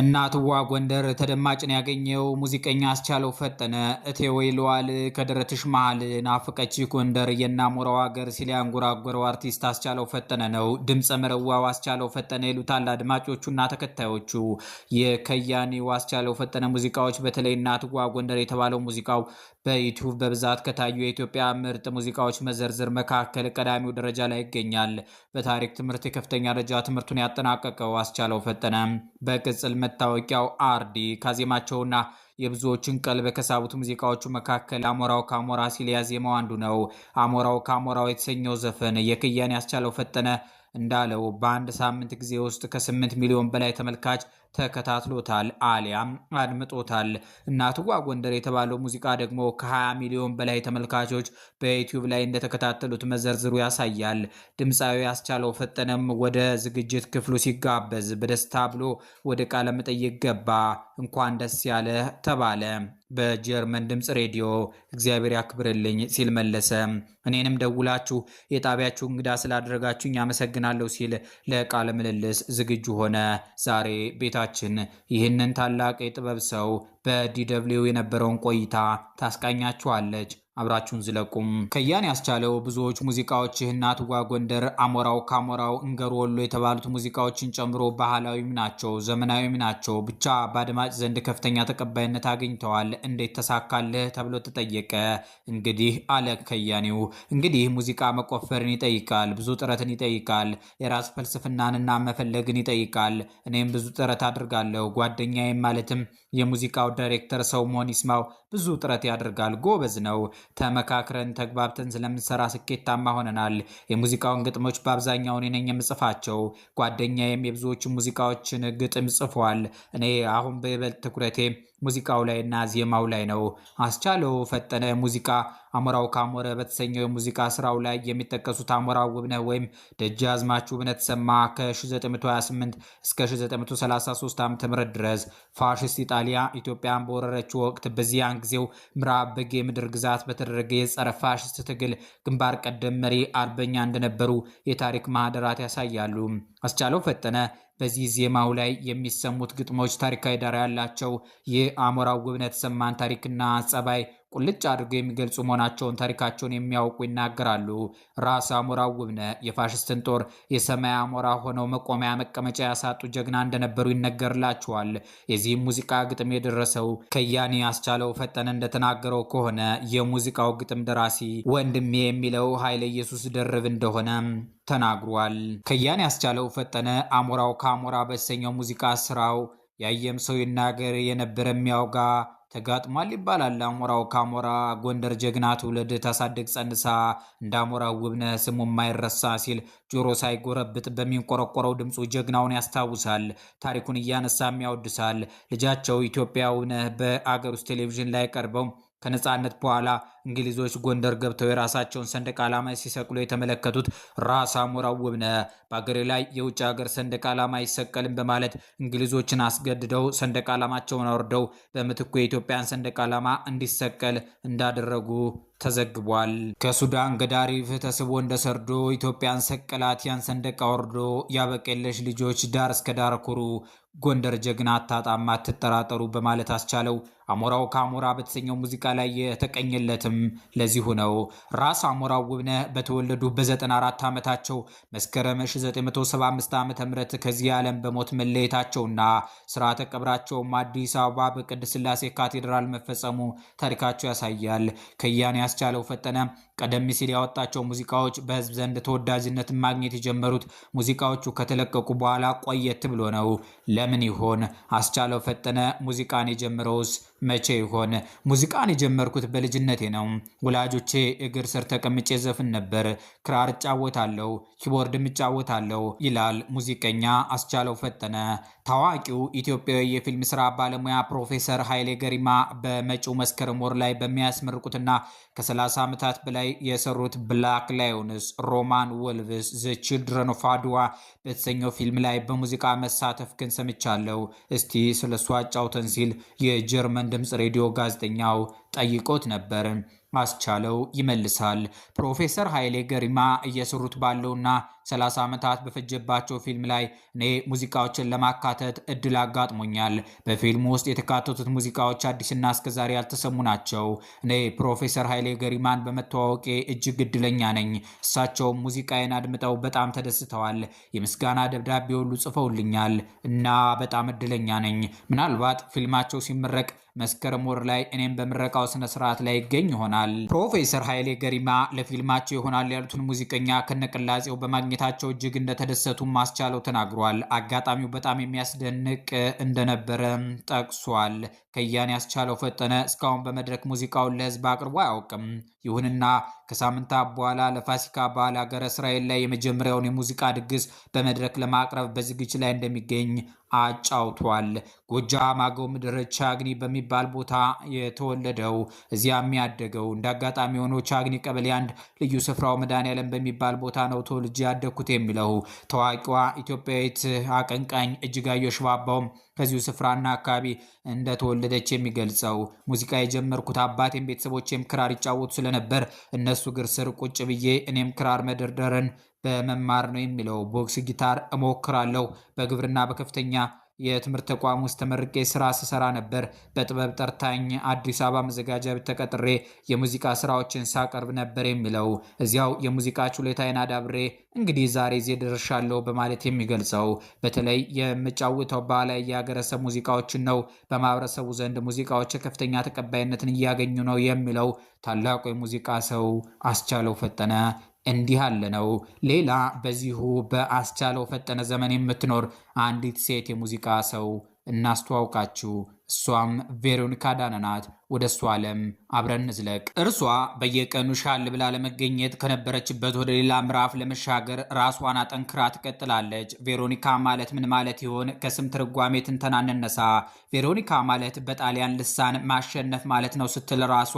እናትዋ ጎንደር ተደማጭን ያገኘው ሙዚቀኛ አስቻለው ፈጠነ እቴወይ ለዋል ከደረትሽ መሃል ናፍቀች ጎንደር የናሞራው ሀገር ሲል ያንጎራጎረው አርቲስት አስቻለው ፈጠነ ነው። ድምፀ መረዋው አስቻለው ፈጠነ ይሉታል አድማጮቹና ተከታዮቹ። የከያኔው አስቻለው ፈጠነ ሙዚቃዎች በተለይ እናትዋ ጎንደር የተባለው ሙዚቃው በዩቲዩብ በብዛት ከታዩ የኢትዮጵያ ምርጥ ሙዚቃዎች መዘርዝር መካከል ቀዳሚው ደረጃ ላይ ይገኛል። በታሪክ ትምህርት የከፍተኛ ደረጃ ትምህርቱን ያጠናቀቀው አስቻለው ፈጠነ በቅጽል መታወቂያው አርዲ ካዜማቸውና የብዙዎችን ቀልብ ከሳቡት ሙዚቃዎቹ መካከል አሞራው ከአሞራ ሲል ያዜማው አንዱ ነው። አሞራው ከአሞራው የተሰኘው ዘፈን የክያኔ አስቻለው ፈጠነ እንዳለው በአንድ ሳምንት ጊዜ ውስጥ ከስምንት ሚሊዮን በላይ ተመልካች ተከታትሎታል አሊያም አድምጦታል። እናትዋ ጎንደር የተባለው ሙዚቃ ደግሞ ከ20 ሚሊዮን በላይ ተመልካቾች በዩቲዩብ ላይ እንደተከታተሉት መዘርዝሩ ያሳያል። ድምፃዊ ያስቻለው ፈጠነም ወደ ዝግጅት ክፍሉ ሲጋበዝ በደስታ ብሎ ወደ ቃለ መጠይቅ ገባ። እንኳን ደስ ያለ ተባለ በጀርመን ድምፅ ሬዲዮ እግዚአብሔር ያክብርልኝ ሲል መለሰ። እኔንም ደውላችሁ የጣቢያችሁ እንግዳ ስላደረጋችሁኝ አመሰግናለሁ ሲል ለቃለ ምልልስ ዝግጁ ሆነ። ዛሬ ቤተ ጌታችን ይህንን ታላቅ የጥበብ ሰው በዲደብሊው የነበረውን ቆይታ ታስቃኛችኋለች። አብራችሁን ዝለቁም። ከያን ያስቻለው ብዙዎች ሙዚቃዎችህ እናትዋ ጎንደር፣ አሞራው ካሞራው፣ እንገር ወሎ የተባሉት ሙዚቃዎችን ጨምሮ ባህላዊም ናቸው፣ ዘመናዊም ናቸው። ብቻ በአድማጭ ዘንድ ከፍተኛ ተቀባይነት አግኝተዋል። እንዴት ተሳካልህ ተብሎ ተጠየቀ። እንግዲህ አለ ከያኔው፣ እንግዲህ ሙዚቃ መቆፈርን ይጠይቃል፣ ብዙ ጥረትን ይጠይቃል፣ የራስ ፍልስፍናንና መፈለግን ይጠይቃል። እኔም ብዙ ጥረት አድርጋለሁ። ጓደኛዬም ማለትም የሙዚቃው ዳይሬክተር ሰው መሆን ይስማው ብዙ ጥረት ያደርጋል። ጎበዝ ነው። ተመካክረን ተግባብተን ስለምንሰራ ስኬታማ ሆነናል። የሙዚቃውን ግጥሞች በአብዛኛው እኔ ነኝ የምጽፋቸው። ጓደኛዬም የብዙዎቹ ሙዚቃዎችን ግጥም ጽፏል። እኔ አሁን በይበልጥ ትኩረቴ ሙዚቃው ላይና ዜማው ላይ ነው። አስቻለው ፈጠነ ሙዚቃ አሞራው ካሞረ በተሰኘው የሙዚቃ ስራው ላይ የሚጠቀሱት አሞራው ውብነህ ወይም ደጃዝማች ውብነህ ተሰማ ከ1928 እስከ 1933 ዓ.ም ድረስ ፋሽስት ኢጣሊያ ኢትዮጵያን በወረረችው ወቅት በዚያን ጊዜው ምዕራብ በጌ ምድር ግዛት በተደረገ የጸረ ፋሽስት ትግል ግንባር ቀደም መሪ አርበኛ እንደነበሩ የታሪክ ማህደራት ያሳያሉ። አስቻለው ፈጠነ በዚህ ዜማው ላይ የሚሰሙት ግጥሞች ታሪካዊ ዳራ ያላቸው የአሞራው ውብነህ ተሰማን ታሪክና ጸባይ ቁልጭ አድርገው የሚገልጹ መሆናቸውን ታሪካቸውን የሚያውቁ ይናገራሉ። ራስ አሞራ ውብነ የፋሽስትን ጦር የሰማይ አሞራ ሆነው መቆሚያ መቀመጫ ያሳጡ ጀግና እንደነበሩ ይነገርላቸዋል። የዚህም ሙዚቃ ግጥም የደረሰው ከያኔ ያስቻለው ፈጠነ እንደተናገረው ከሆነ የሙዚቃው ግጥም ደራሲ ወንድሜ የሚለው ኃይለ ኢየሱስ ደርብ እንደሆነ ተናግሯል። ከያኔ ያስቻለው ፈጠነ አሞራው ከአሞራ በሰኘው ሙዚቃ ስራው ያየም ሰው ይናገር የነበረ የሚያውጋ ተጋጥሟል ይባላል። አሞራው ከአሞራ ጎንደር ጀግና ትውልድ ታሳድግ ጸንሳ እንደ አሞራ ውብነህ ስሙ የማይረሳ ሲል ጆሮ ሳይጎረብጥ በሚንቆረቆረው ድምፁ ጀግናውን ያስታውሳል፣ ታሪኩን እያነሳም ያወድሳል። ልጃቸው ኢትዮጵያውነህ በአገር ውስጥ ቴሌቪዥን ላይ ቀርበው ከነፃነት በኋላ እንግሊዞች ጎንደር ገብተው የራሳቸውን ሰንደቅ ዓላማ ሲሰቅሉ የተመለከቱት ራስ አሞራው ውብነህ በአገሬ ላይ የውጭ ሀገር ሰንደቅ ዓላማ አይሰቀልም በማለት እንግሊዞችን አስገድደው ሰንደቅ ዓላማቸውን አውርደው በምትኩ የኢትዮጵያን ሰንደቅ ዓላማ እንዲሰቀል እንዳደረጉ ተዘግቧል። ከሱዳን ገዳሪፍ ተስቦ እንደ ሰርዶ ኢትዮጵያን ሰቀላት ያን ሰንደቅ አውርዶ ያበቀለሽ ልጆች ዳር እስከ ዳር ኩሩ ጎንደር ጀግና አታጣም አትጠራጠሩ በማለት አስቻለው አሞራው ከአሞራ በተሰኘው ሙዚቃ ላይ የተቀኘለትም ምክንያትም ለዚሁ ነው። ራስ አሞራው ውብነህ በተወለዱ በ94 ዓመታቸው መስከረም 1975 ዓ ም ከዚህ ዓለም በሞት መለየታቸውና ስርዓተ ቀብራቸውም አዲስ አበባ በቅድስት ሥላሴ ካቴድራል መፈጸሙ ታሪካቸው ያሳያል። ከያኔ ያስቻለው ፈጠነ ቀደም ሲል ያወጣቸው ሙዚቃዎች በህዝብ ዘንድ ተወዳጅነት ማግኘት የጀመሩት ሙዚቃዎቹ ከተለቀቁ በኋላ ቆየት ብሎ ነው። ለምን ይሆን አስቻለው ፈጠነ ሙዚቃን የጀመረውስ መቼ ይሆን? ሙዚቃን የጀመርኩት በልጅነቴ ነው። ነው። ወላጆቼ እግር ስር ተቀምጬ ዘፍን ነበር። ክራር እጫወታለሁ፣ ኪቦርድም እጫወታለሁ ይላል ሙዚቀኛ አስቻለው ፈጠነ። ታዋቂው ኢትዮጵያዊ የፊልም ስራ ባለሙያ ፕሮፌሰር ኃይሌ ገሪማ በመጪው መስከረም ወር ላይ በሚያስመርቁትና ከ30 ዓመታት በላይ የሰሩት ብላክ ላዮንስ ሮማን ወልቭስ ዘ ችልድረን ኦፍ አድዋ በተሰኘው ፊልም ላይ በሙዚቃ መሳተፍ ግን ሰምቻለሁ። እስቲ ስለሷ አጫውተን ሲል የጀርመን ድምፅ ሬዲዮ ጋዜጠኛው ጠይቆት ነበር። አስቻለው ይመልሳል። ፕሮፌሰር ኃይሌ ገሪማ እየሰሩት ባለውና 30 ዓመታት በፈጀባቸው ፊልም ላይ እኔ ሙዚቃዎችን ለማካተት እድል አጋጥሞኛል። በፊልሙ ውስጥ የተካተቱት ሙዚቃዎች አዲስና እስከዛሬ ያልተሰሙ ናቸው። እኔ ፕሮፌሰር ኃይሌ ገሪማን በመተዋወቄ እጅግ እድለኛ ነኝ። እሳቸውም ሙዚቃዬን አድምጠው በጣም ተደስተዋል። የምስጋና ደብዳቤ ሁሉ ጽፈውልኛል እና በጣም እድለኛ ነኝ። ምናልባት ፊልማቸው ሲመረቅ መስከረም ወር ላይ እኔም በምረቃው ስነስርዓት ላይ ይገኝ ይሆናል። ይሆናል። ፕሮፌሰር ኃይሌ ገሪማ ለፊልማቸው ይሆናል ያሉትን ሙዚቀኛ ከነቅላጼው በማግኘታቸው እጅግ እንደተደሰቱ ማስቻለው ተናግሯል። አጋጣሚው በጣም የሚያስደንቅ እንደነበረ ጠቅሷል። ከያን ያስቻለው ፈጠነ እስካሁን በመድረክ ሙዚቃውን ለህዝብ አቅርቦ አያውቅም። ይሁንና ከሳምንታት በኋላ ለፋሲካ በዓል ሀገረ እስራኤል ላይ የመጀመሪያውን የሙዚቃ ድግስ በመድረክ ለማቅረብ በዝግጅት ላይ እንደሚገኝ አጫውቷል። ጎጃም አገው ምድር ቻግኒ በሚባል ቦታ የተወለደው እዚያም ያደገው እንደ አጋጣሚ ሆኖ ቻግኒ ቀበሌ አንድ ልዩ ስፍራው መድኃኔዓለም በሚባል ቦታ ነው ተወልጄ ያደግኩት የሚለው ታዋቂዋ ኢትዮጵያዊት አቀንቃኝ እጅጋየሁ ሽባባውም ከዚሁ ስፍራና አካባቢ እንደተወለደች የሚገልጸው ሙዚቃ የጀመርኩት አባቴም ቤተሰቦቼም ክራር ይጫወቱ ስለነበር እነሱ እግር ስር ቁጭ ብዬ እኔም ክራር መደርደርን በመማር ነው የሚለው። ቦክስ ጊታር እሞክራለሁ። በግብርና በከፍተኛ የትምህርት ተቋም ውስጥ ተመርቄ ስራ ስሰራ ነበር። በጥበብ ጠርታኝ አዲስ አበባ መዘጋጃ ቤት ተቀጥሬ የሙዚቃ ስራዎችን ሳቀርብ ነበር የሚለው እዚያው የሙዚቃ ችሎታዬን አዳብሬ እንግዲህ ዛሬ እዚህ ደርሻለሁ በማለት የሚገልጸው በተለይ የምጫወተው ባህላዊ የሀገረሰብ ሙዚቃዎችን ነው። በማህበረሰቡ ዘንድ ሙዚቃዎች ከፍተኛ ተቀባይነትን እያገኙ ነው የሚለው ታላቁ የሙዚቃ ሰው አስቻለው ፈጠነ እንዲህ አለ ነው። ሌላ በዚሁ በአስቻለው ፈጠነ ዘመን የምትኖር አንዲት ሴት የሙዚቃ ሰው እናስተዋውቃችሁ። እሷም ቬሮኒካ ዳነናት ናት። ወደ እሷ ዓለም አብረን ዝለቅ። እርሷ በየቀኑ ሻል ብላ ለመገኘት ከነበረችበት ወደ ሌላ ምዕራፍ ለመሻገር ራሷን አጠንክራ ትቀጥላለች። ቬሮኒካ ማለት ምን ማለት ይሆን? ከስም ትርጓሜ ትንተና እንነሳ። ቬሮኒካ ማለት በጣሊያን ልሳን ማሸነፍ ማለት ነው ስትል ራሷ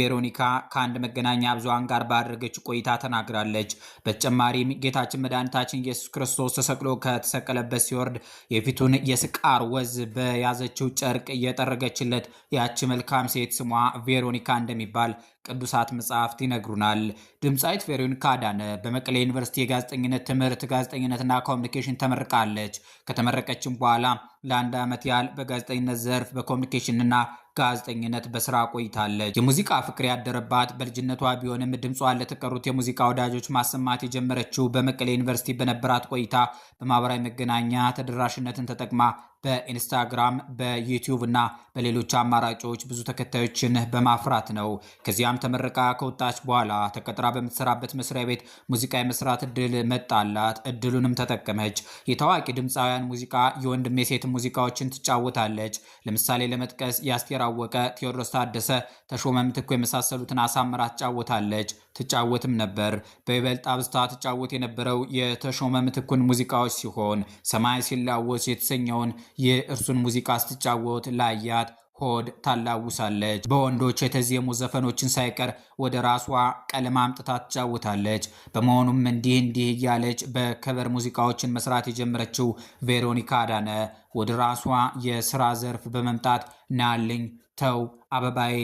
ቬሮኒካ ከአንድ መገናኛ ብዙሃን ጋር ባደረገች ቆይታ ተናግራለች። በተጨማሪም ጌታችን መድኃኒታችን ኢየሱስ ክርስቶስ ተሰቅሎ ከተሰቀለበት ሲወርድ የፊቱን የስቃር ወዝ በያዘችው ጨርቅ እየጠረገችለት ያቺ መልካም ሴት ስሟ ቬሮኒካ እንደሚባል ቅዱሳት መጽሐፍት ይነግሩናል። ድምፃዊት ቬሮኒካ አዳነ በመቀሌ ዩኒቨርሲቲ የጋዜጠኝነት ትምህርት ጋዜጠኝነትና ኮሚኒኬሽን ተመርቃለች። ከተመረቀችም በኋላ ለአንድ ዓመት ያህል በጋዜጠኝነት ዘርፍ በኮሚኒኬሽንና ጋዜጠኝነት በስራ ቆይታለች። የሙዚቃ ፍቅር ያደረባት በልጅነቷ ቢሆንም ድምጿን ለተቀሩት የሙዚቃ ወዳጆች ማሰማት የጀመረችው በመቀሌ ዩኒቨርሲቲ በነበራት ቆይታ በማህበራዊ መገናኛ ተደራሽነትን ተጠቅማ በኢንስታግራም፣ በዩቲዩብ እና በሌሎች አማራጮች ብዙ ተከታዮችን በማፍራት ነው። ከዚያም ከዛም ተመርቃ ከወጣች በኋላ ተቀጥራ በምትሰራበት መስሪያ ቤት ሙዚቃ የመስራት እድል መጣላት። እድሉንም ተጠቀመች። የታዋቂ ድምፃውያን ሙዚቃ የወንድም የሴት ሙዚቃዎችን ትጫወታለች። ለምሳሌ ለመጥቀስ የአስቴር አወቀ፣ ቴዎድሮስ ታደሰ፣ ተሾመ ምትኩ የመሳሰሉትን አሳምራ ትጫወታለች፣ ትጫወትም ነበር። በይበልጥ አብዝታ ትጫወት የነበረው የተሾመ ምትኩን ሙዚቃዎች ሲሆን ሰማይ ሲላወስ የተሰኘውን የእርሱን ሙዚቃ ስትጫወት ላያት ሆድ ታላውሳለች። በወንዶች የተዜሙ ዘፈኖችን ሳይቀር ወደ ራሷ ቀለም አምጥታ ትጫውታለች። በመሆኑም እንዲህ እንዲህ እያለች በከበር ሙዚቃዎችን መስራት የጀመረችው ቬሮኒካ አዳነ ወደ ራሷ የስራ ዘርፍ በመምጣት ናልኝ፣ ተው፣ አበባዬ፣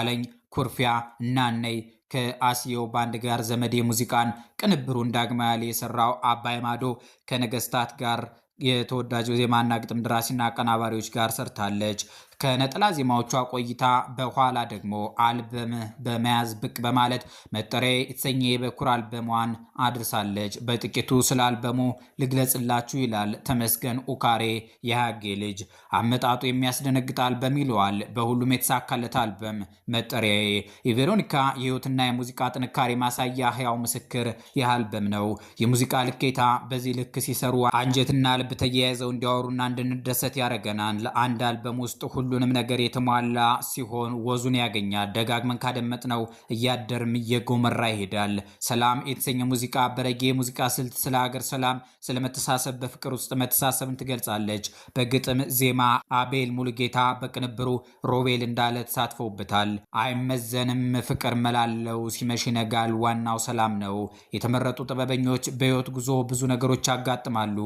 አለኝ፣ ኩርፊያ፣ እናነይ ከአስዮ ባንድ ጋር ዘመዴ ሙዚቃን ቅንብሩን ዳግማዊ የሰራው አባይ ማዶ ከነገስታት ጋር የተወዳጅ ዜማና ግጥም ደራሲና አቀናባሪዎች ጋር ሰርታለች። ከነጠላ ዜማዎቿ ቆይታ በኋላ ደግሞ አልበም በመያዝ ብቅ በማለት መጠሪያ የተሰኘ የበኩር አልበሟን አድርሳለች። በጥቂቱ ስለ አልበሙ ልግለጽላችሁ ይላል ተመስገን ኡካሬ የሀጌ ልጅ። አመጣጡ የሚያስደነግጥ አልበም ይለዋል። በሁሉም የተሳካለት አልበም መጠሪያዬ። የቬሮኒካ የህይወትና የሙዚቃ ጥንካሬ ማሳያ ህያው ምስክር ይህ አልበም ነው። የሙዚቃ ልኬታ በዚህ ልክ ሲሰሩ አንጀትና ልብ ተያይዘው እንዲያወሩና እንድንደሰት ያደረገናል። አንድ አልበም ውስጥ ሁሉ ሁሉንም ነገር የተሟላ ሲሆን ወዙን ያገኛል። ደጋግመን ካደመጥ ነው እያደርም እየጎመራ ይሄዳል። ሰላም የተሰኘ ሙዚቃ በረጌ ሙዚቃ ስልት ስለ ሀገር ሰላም፣ ስለ መተሳሰብ፣ በፍቅር ውስጥ መተሳሰብን ትገልጻለች። በግጥም ዜማ አቤል ሙሉጌታ፣ በቅንብሩ ሮቤል እንዳለ ተሳትፎበታል። አይመዘንም ፍቅር መላለው ሲመሽ ይነጋል፣ ዋናው ሰላም ነው። የተመረጡ ጥበበኞች በህይወት ጉዞ ብዙ ነገሮች ያጋጥማሉ።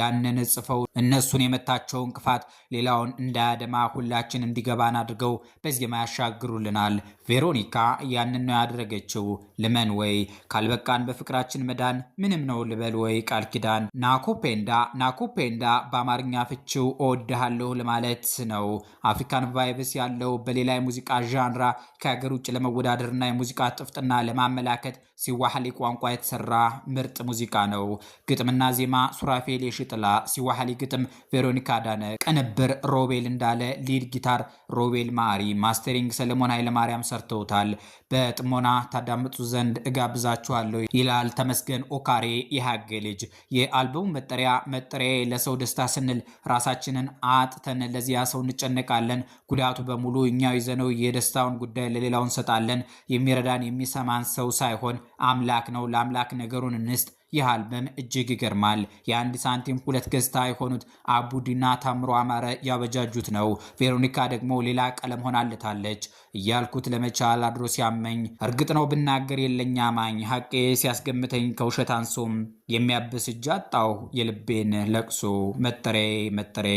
ያንን ጽፈው እነሱን የመታቸው እንቅፋት ሌላውን እንዳያደማ ሁላ ሁላችን እንዲገባን አድርገው በዜማ ያሻግሩልናል። ቬሮኒካ ያንን ነው ያደረገችው። ልመን ወይ ካልበቃን በፍቅራችን መዳን ምንም ነው ልበል ወይ ቃል ኪዳን ናኮፔንዳ ናኮፔንዳ በአማርኛ ፍችው እወድሃለሁ ለማለት ነው። አፍሪካን ቫይብስ ያለው በሌላ የሙዚቃ ዣንራ ከሀገር ውጭ ለመወዳደርና የሙዚቃ ጥፍጥና ለማመላከት ሲዋህሌ ቋንቋ የተሰራ ምርጥ ሙዚቃ ነው። ግጥምና ዜማ ሱራፌል የሽጥላ፣ ሲዋህሌ ግጥም ቬሮኒካ ዳነ፣ ቅንብር ሮቤል እንዳለ፣ ሊድ ጊታር ሮቤል ማሪ፣ ማስተሪንግ ሰለሞን ኃይለማርያም ሰርተውታል። በጥሞና ታዳምጡ ዘንድ እጋብዛችኋለሁ ይላል ተመስገን ኦካሬ የሀገ ልጅ። የአልበሙ መጠሪያ መጠሪያ ለሰው ደስታ ስንል ራሳችንን አጥተን ለዚያ ሰው እንጨነቃለን። ጉዳቱ በሙሉ እኛው ይዘነው የደስታውን ጉዳይ ለሌላው እንሰጣለን። የሚረዳን የሚሰማን ሰው ሳይሆን አምላክ ነው። ለአምላክ ነገሩን እንስጥ። ይህ አልበም እጅግ ይገርማል። የአንድ ሳንቲም ሁለት ገጽታ የሆኑት አቡዲና ታምሮ አማረ ያበጃጁት ነው። ቬሮኒካ ደግሞ ሌላ ቀለም ሆናለታለች እያልኩት ለመቻል አድሮ ሲያመኝ እርግጥ ነው ብናገር የለኝ አማኝ ሀቄ ሲያስገምተኝ ከውሸት አንሶም የሚያብስ እጅ አጣሁ የልቤን ለቅሶ መጠሬ መጠሬ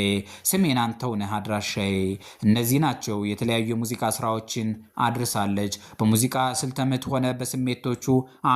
ስሜን አንተው ነህ አድራሻዬ። እነዚህ ናቸው የተለያዩ የሙዚቃ ስራዎችን አድርሳለች። በሙዚቃ ስልተምት ሆነ በስሜቶቹ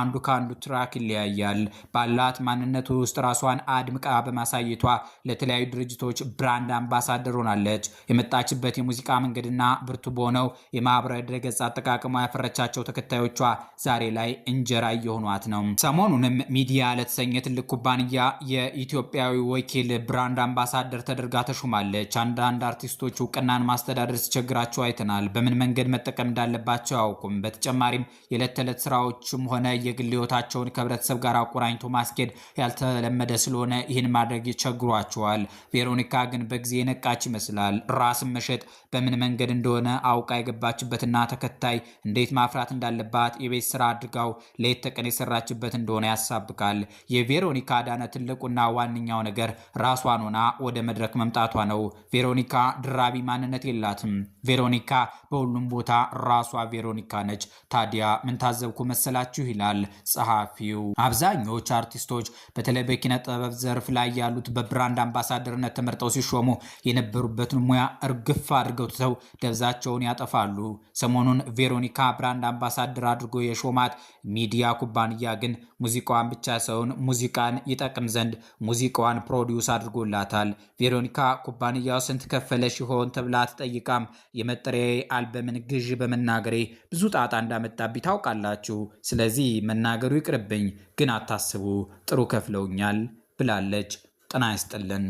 አንዱ ከአንዱ ትራክ ይለያያል። ባላት ማንነቱ ውስጥ ራሷን አድምቃ በማሳየቷ ለተለያዩ ድርጅቶች ብራንድ አምባሳደር ሆናለች። የመጣችበት የሙዚቃ መንገድና ብርቱ በሆነው የማህበራዊ ድረገጽ አጠቃቀሟ ያፈረቻቸው ተከታዮቿ ዛሬ ላይ እንጀራ እየሆኗት ነው። ሰሞኑንም ሚዲያ ለተሰኘ የሚገኝ የትልቅ ኩባንያ የኢትዮጵያዊ ወኪል ብራንድ አምባሳደር ተደርጋ ተሹማለች። አንዳንድ አርቲስቶች እውቅናን ማስተዳደር ሲቸግራቸው አይተናል። በምን መንገድ መጠቀም እንዳለባቸው አያውቁም። በተጨማሪም የዕለት ተዕለት ስራዎችም ሆነ የግል ህይወታቸውን ከህብረተሰብ ጋር አቆራኝቶ ማስኬድ ያልተለመደ ስለሆነ ይህን ማድረግ ይቸግሯቸዋል። ቬሮኒካ ግን በጊዜ የነቃች ይመስላል። ራስን መሸጥ በምን መንገድ እንደሆነ አውቃ የገባችበትና ተከታይ እንዴት ማፍራት እንዳለባት የቤት ስራ አድርጋው ለየት ተቀን የሰራችበት እንደሆነ ያሳብቃል። የቬሮኒካ አዳነ ትልቁና ዋነኛው ነገር ራሷን ሆና ወደ መድረክ መምጣቷ ነው። ቬሮኒካ ድራቢ ማንነት የላትም። ቬሮኒካ በሁሉም ቦታ ራሷ ቬሮኒካ ነች። ታዲያ ምን ታዘብኩ መሰላችሁ? ይላል ጸሐፊው። አብዛኞቹ አርቲስቶች በተለይ በኪነ ጥበብ ዘርፍ ላይ ያሉት በብራንድ አምባሳደርነት ተመርጠው ሲሾሙ የነበሩበትን ሙያ እርግፍ አድርገው ትተው ደብዛቸውን ያጠፋሉ። ሰሞኑን ቬሮኒካ ብራንድ አምባሳደር አድርጎ የሾማት ሚዲያ ኩባንያ ግን ሙዚቃዋን ብቻ ሰውን ሙዚቃን ይጠቅም ዘንድ ሙዚቃዋን ፕሮዲውስ አድርጎላታል። ቬሮኒካ ኩባንያው ስንት ከፈለሽ ይሆን ተብላ ትጠይቃም የመጠሪያ አልበምን ግዥ በመናገሬ ብዙ ጣጣ እንዳመጣብኝ ታውቃላችሁ። ስለዚህ መናገሩ ይቅርብኝ፣ ግን አታስቡ ጥሩ ከፍለውኛል ብላለች። ጤና ይስጥልን።